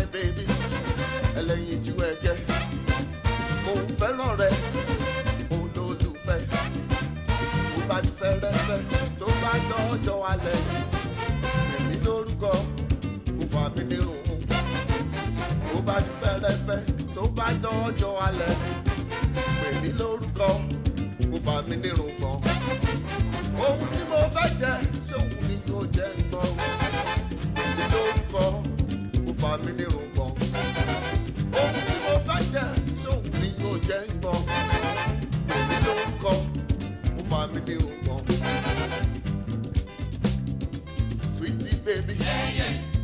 my baby ẹlẹ́yinjú ẹ̀gẹ́ mo fẹ́ràn rẹ olólùfẹ́ tó bá ti fẹ́rẹ́fẹ́ tó bá jọjọ alẹ́ èmi lórúkọ kò fà mí nírun tó bá ti fẹ́rẹ́fẹ́ tó bá jọjọ alẹ́. mi ní rògbò. ohun tí mo fẹ́ jẹ sóhun ni yóò jẹ́ gbọ́. èmi lórúkọ mo fe je baby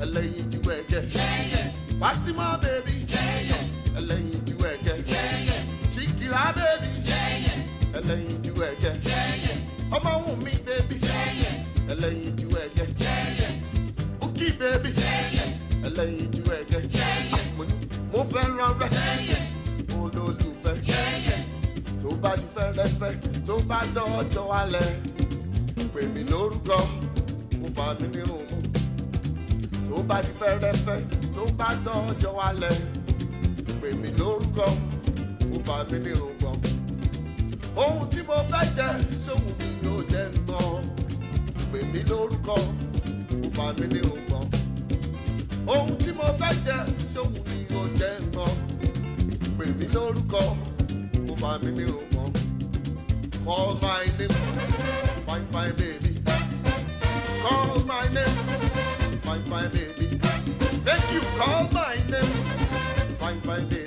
ẹlẹ́yin ju ẹ̀jẹ̀. Fatima baby ẹlẹ́yin baby ẹlẹ́yin ju ẹ̀jẹ̀. ọmọ wọn. lẹ́yìn ju ẹ̀gẹ́ mo ní mo fẹ́ rán rẹ́ olólùfẹ́ tó bá ti fẹ́ rẹ́fẹ́ tó bá dọ́jọ́ alẹ́ pè mí lórúkọ mo fà mí nírun mú tó bá ti fẹ́ rẹ́fẹ́ tó bá dọ́jọ́ alẹ́ pè mí lórúkọ mo fà mí nírun gbọ̀n ohun tí mo fẹ́ jẹ sóhun mi yóò jẹ́ ń tán pè mí lórúkọ mo fà mí nírun. by me, me woman. Call my name, find my baby. Call my name, find my baby. Thank you call my name, find my baby.